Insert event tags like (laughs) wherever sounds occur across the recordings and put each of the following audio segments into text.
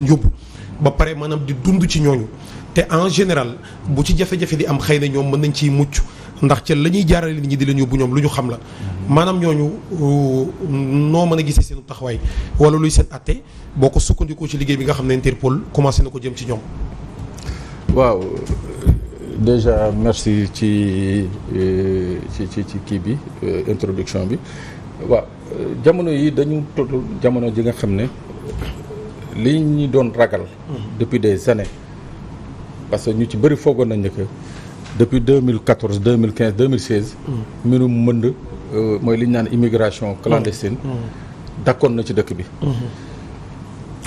yóbbu ba pare maanaam di dund ci ñooñu te en général bu ci jafe-jafe di am xëy na ñoom mën nañ ciy mucc ndax ca la ñuy jaarale nit ñi di leen yóbbu ñoom lu ñu xam la maanaam ñooñu euh, noo mën a gisee seen taxawaay wala luy seen atte boo ko sukkandiku ci liggéey bi nga xam ne Interpol commencé na ko jëm ci ñoom. waaw déjà merci ci euh, ci ci kii bi euh, introduction bi waaw jamono yi dañu toll jamono ji nga xam ne. li ñu doon ragal. Mhm. depuis des années parce que ñu ci bëri foogoon nañ ne que depuis 2014 2015 2016. mbirum mënd euh, mooy li ñu naan immigration clandestine. Mhm. Mhm. dakkoon na ci dëkk bi.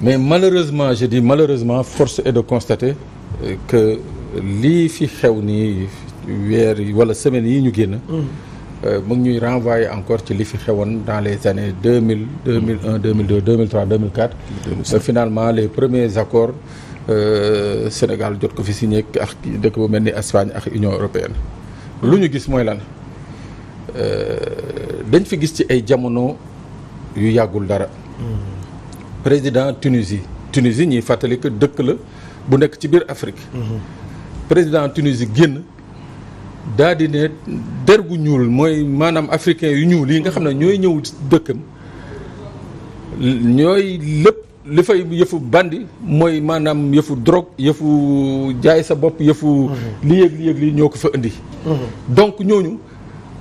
mais malheureusement je dis malheureusement force et de constater euh, que lii fi xew nii weer wala semaine yi ñu génn. Euh, mu ngi ñuy renvoyer encore ci li fi xewoon dans les années deux mille deux mille un deux mille deux deux mille finalement les premiers accords euh, Sénégal jot ko fi signé ak dëkk bu mel ni Espagne ak Union européenne. lu ñu gis mooy lan euh, dañ fi gis ci ay jamono yu yàggul dara. Mm-hmm. président Tunisie Tunisie ñuy fàttali que dëkk la bu nekk ci biir Afrique. Mm-hmm. président Tunisie génn. daldi ne der ñuul mooy maanaam africain yu ñuul yi nga xam ne ñooy ñëw dëkkam ñooy lépp li fay yëfu bandi mooy maanaam yëfu drogue yëfu jaay sa bopp yëfu mhm. li yëg li yëg li ñoo ko fa indi mhm. donc ñooñu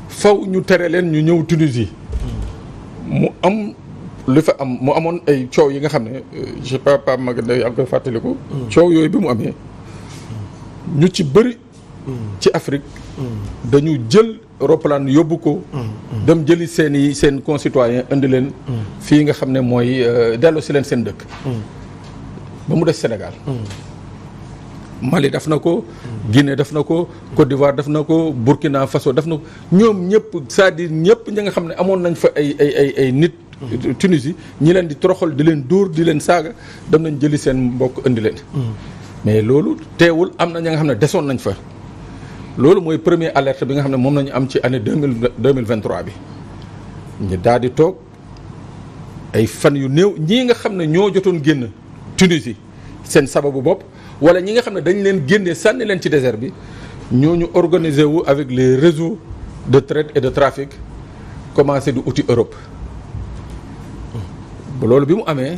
faw ñu tere leen ñu ñëw Tunisie mu am li fa am mu amoon ay coow yi nga xam ne euh, je sais pas pas mag day am koy fàttaliku mhm. coow yooyu bi mu amee ñu ci bëri ci Afrique dañu jël roppalaan yóbbu ko. dem jëli seen i seen concitoyens indi leen. fii nga xam ne mooy euh, delloo si leen seen dëkk. ba mu des Sénégal. Mali def na ko. Guinée def na ko. Côte d'Ivoire def na ko Burkina Faso def na ko ñoom ñëpp c'est-à-dire ñëpp ñi nga xam ne amoon nañ fa ay ay ay ay nit. Tunisie ñi leen di toroxal di leen dóor di leen saaga dem nañ jëli seen mbokk indi leen. Mm. mais loolu teewul am na ñi nga xam ne desoon nañ fa. loolu mooy premier alerte bi nga xam ne moom nañu am ci année deux mille deux mille vingt trois bi ñu daal di toog ay fan yu néew ñii nga xam ne ñoo jotoon génn Tunisie seen sababu bopp wala ñi nga xam ne dañ leen génnee sànni leen ci désert bi ñoo ñu organiser wu avec les réseaux de traite et de trafic commencé du uti Europe loolu bi mu amee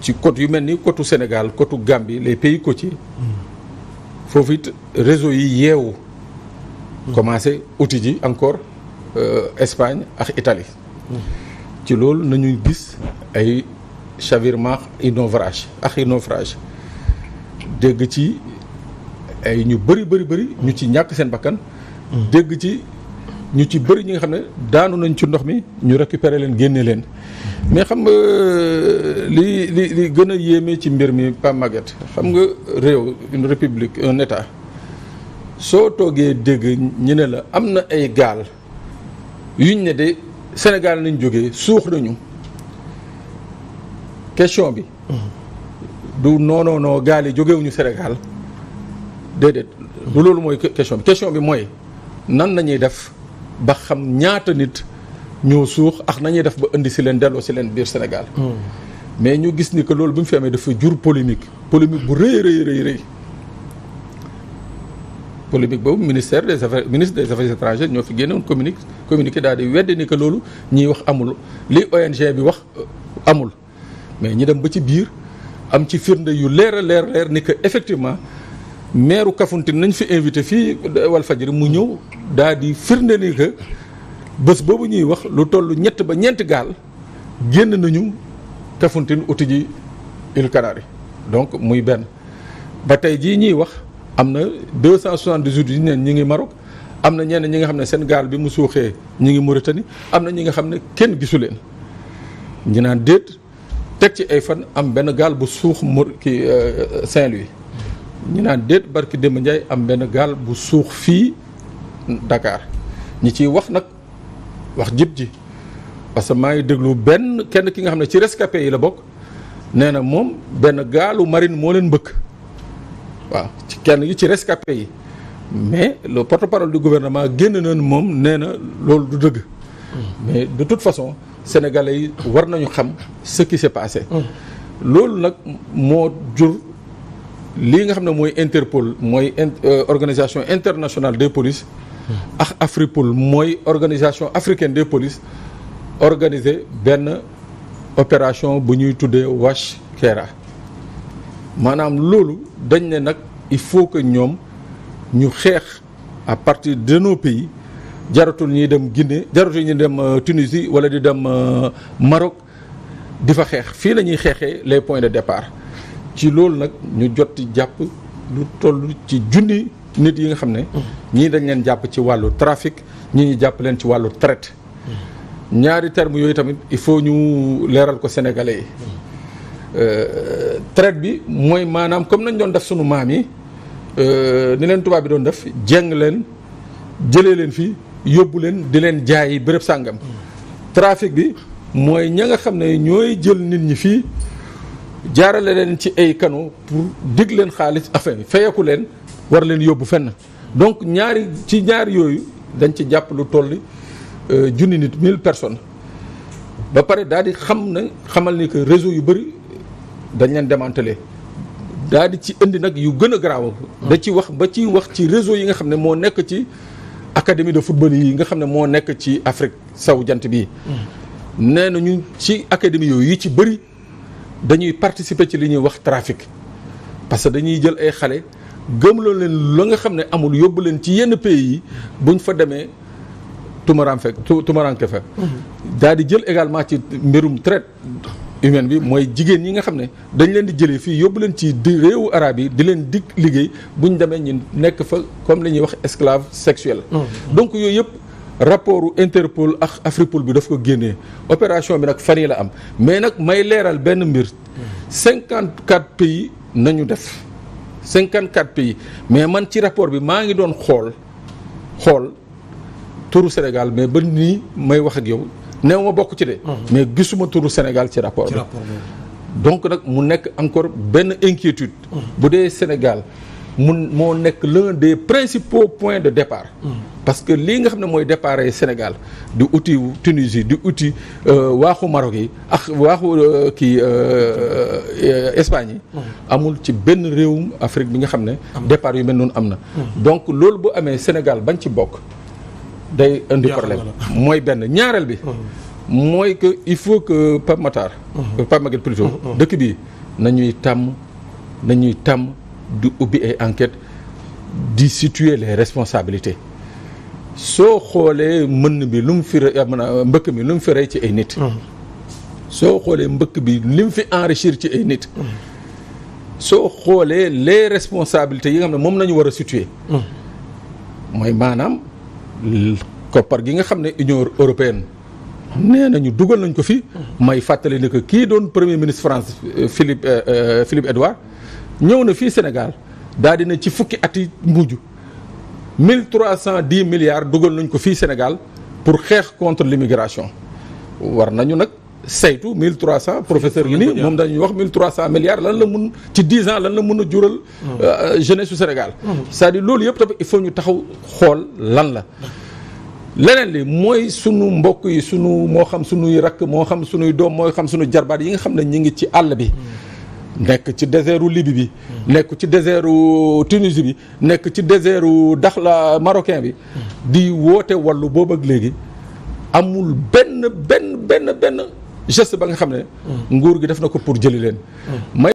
ci côte yu mel ni côtu Sénégal côtu Gambie les pays côtiers foofu it réseau yi yeewu. commencé outil ji encore euh, Espagne ak Italie. ci loolu nañuy gis ay chavirement i naufrage ak i naufrage dégg ci ay ñu bëri bëri bëri ñu ci ñàkk seen bakkan. Mm. dégg ci ñu ci bëri ñi nga xam ne daanu nañ ci ndox mi ñu récupérer leen génne leen mais xam euh, li li li gën a yéeme ci mbir mi Pa Maguette xam nga réew une république un état soo toogee dégg ñu ne la am na ay gaal yuñ ne de Sénégal nañ jóge suux nañu question bi du non non gaal yi jógewuñu Sénégal déedéet du loolu mooy question bi question bi mooy nan nañuy def ba xam ñaata nit ñoo suux ak nañuy def ba indi si leen delloo si leen biir Sénégal. Hmm. mais ñu gis ni que loolu bu mu fi amee dafa jur polémique polémique bu rëy rëy rëy polémique boobu ministère de affaires ministre des affaires étrangères ñoo fi génnoon communiqué communiqué daal di weddi ni que loolu ñiy wax amul li ONG bi wax euh, amul mais ñi dem ba ci biir am ci firnde yu leer a leer leer ni que effectivement. meeru Kafountine nañ fi invité fii Walfadjri mu ñëw daal di firnde ni que bés boobu ñuy wax lu toll ñett ba ñeenti gaal génn nañu Kafountine uti ji Îles Canaries donc muy benn ba tey jii ñuy wax am na 278 yi neen ñi ngi Maroc am na ñenn ñi nga xam ne seen gaal bi mu suuxee ñi ngi Mauritanie am na ñi nga xam ne kenn gisu leen ñu naan déet teg ci ay fan am benn gaal bu suux mu kii euh, Saint-Louis ñu naan déet barki démb Ndiaye am benn gaal bu suux fii Dakar ñi ciy wax nag wax jib ji parce que maa ngi déglu benn kenn ki nga xam ne ci rescapé yi la bokk nee na moom benn gaalu marine moo leen mbëkk waaw ci kenn yi ci rescapé yi mais le porte-parole du gouvernement génn na moom nee na loolu du dëgg mais de toute façon sénégalais yi war nañu xam ce qui s'est passé mm. loolu nag moo jur lii nga xam ne mooy Interpol mooy euh, organisation internationale des polices ak Afripol mooy organisation africaine des polices organiser benn opération bu ñuy tuddee Wash Kera maanaam loolu dañ ne nag il faut que ñoom ñu xeex à partir de nos pays jaratul ñuy dem Guinée jaratul ñuy dem euh, Tunisie wala di dem euh, Maroc di fa xeex fii la ñuy xeexee les points de départ ci loolu nag ñu jotti jàpp lu toll ci junni nit yi nga xam ne ñii dañ leen jàpp ci wàllu trafic ñi ñu jàpp leen ci wàllu traite ñaari termes yooyu tamit il faut ñu leeral ko sénégalais yi euh, traite bi mooy maanaam comme nañ doon def suñu maam yi euh, ni leen tubaab bi doon def jeng leen jële leen fii yóbbu leen di leen jaayi bërëb sàngam hmm. trafic bi mooy ña nga xam ne ñooy jël nit ñi fii jaarale leen ci ay kano pour dig leen xaalis affaire bi fayeku leen war leen yóbbu fenn donc ñaari ci ñaari yooyu dañ ci jàpp lu tolli euh, junni nit mille personnes ba pare daal di xam na xamal ne que réseau yu bëri dañ leen démantelé daal di ci indi nag yu gën a garaaw da ci wax ba ci wax ci réseau yi nga xam ne moo nekk ci académie de football yi nga xam ne moo nekk ci Afrique saw jant bii mm. nee nañu ci académie yooyu yi ci bëri dañuy participer ci li ñuy wax trafic parce que dañuy jël ay xale gëmloo leen la nga xam ne amul yóbbu leen ci yenn pays yi ñu fa demee tumaraan fekk tumaranke fa mhm. daal di jël également ci mbirum traite humaine bi mooy jigéen ñi nga xam ne dañ leen di jëlee fii yóbbu leen ci di réewu arab yi di leen dig liggéey buñ demee ñu nekk fa comme li ñuy wax esclave sexuel mhm. donc yooyu yëpp rapportu Interpol ak Afripol bi daf ko génnee opération bi nag fan la am mais nag may leeral benn mbir cinquante quatre pays nañu def cinquante 54 pays mais man ci rapport bi maa ngi doon xool xool turu Sénégal mais ba nii may wax ak yow néew ma bokk ci de. Mhm. mais gisuma turu Sénégal ci rapport bi. donc nag mu nekk encore benn inquiétude. Mhm. bu dee Sénégal. mun moo nekk l'un des principaux points de départ mm. parce que lii nga xam ne mooy départ Sénégal di uti Tunisie di uti euh, waaxu Maroc yi ak waaxu euh, kii euh, Espagne yi mm. amul ci benn réew Afrique bi nga xam ne départ yu mel noonu am na mm. donc loolu bu amee Sénégal bañ ci bokk day indi problème (laughs) mooy benn ñaareel bi mooy que il faut que Pape Matar Pape Maguette dëkk bi nañuy tàmm nañuy tàmm du ubbi ay enquête di situer les responsabilités soo xoolee mën bi lu mu fi ah, euh, mbëkk bi lu mu fi rey ci ay nit hmm. soo xoolee mbëkk bi li mu fi enrichir ci ay nit hmm. xoolee les responsabilités yi nga xam ne moom nañu war a situer hmm. mooy maanaam koppar gi nga xam ne Union européenne nee nañu dugal nañ ko fi may fàttali ne que kii doon premier ministre France euh, Philippe euh, Philippe ñëw na fii Sénégal daal dina ci fukki at yi mujj mille trois cent dix milliards dugal nañ ko fii Sénégal pour xeex contre l'immigration war nañu nag saytu mille trois cent professeur gi nii moom dañuy wax mille trois cent milliards lan la mun ci dix ans lan la mun a jural hmm. euh, jeunesse su Sénégal hmm. cest di loolu yëpp tamit il faut ñu taxaw xool lan la leneen li mooy sunu mbokk yi sunu moo xam sunuy rakk moo xam sunuy doom mooy xam sunu jarbaat yi nga xam ne ñi ngi ci àll bi hmm. nekk ci désertu Libye bi. nekk ci désertu Tunisie bi nekk ci désertu Dakhla marokin bi. di woote wallu boobu ak léegi amul benn benn benn benn geste ba nga xam ne. Hmm. nguur gi def na ko pour jëli leen. Hmm.